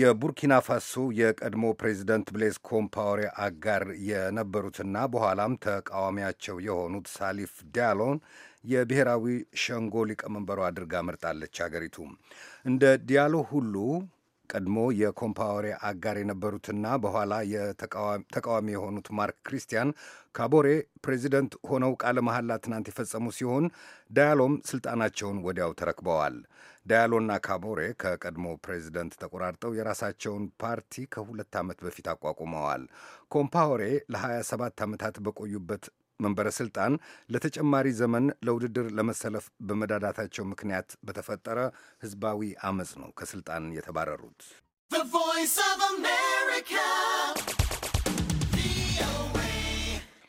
የቡርኪና ፋሶ የቀድሞ ፕሬዚደንት ብሌዝ ኮምፓወሬ አጋር የነበሩትና በኋላም ተቃዋሚያቸው የሆኑት ሳሊፍ ዲያሎን የብሔራዊ ሸንጎ ሊቀመንበሩ አድርጋ መርጣለች። አገሪቱ እንደ ዲያሎ ሁሉ ቀድሞ የኮምፓወሬ አጋር የነበሩትና በኋላ ተቃዋሚ የሆኑት ማርክ ክሪስቲያን ካቦሬ ፕሬዚደንት ሆነው ቃለ መሐላ ትናንት የፈጸሙ ሲሆን ዳያሎም ስልጣናቸውን ወዲያው ተረክበዋል። ዳያሎና ካቦሬ ከቀድሞ ፕሬዚደንት ተቆራርጠው የራሳቸውን ፓርቲ ከሁለት ዓመት በፊት አቋቁመዋል። ኮምፓወሬ ለ27 ዓመታት በቆዩበት መንበረ ስልጣን ለተጨማሪ ዘመን ለውድድር ለመሰለፍ በመዳዳታቸው ምክንያት በተፈጠረ ህዝባዊ አመፅ ነው ከስልጣን የተባረሩት።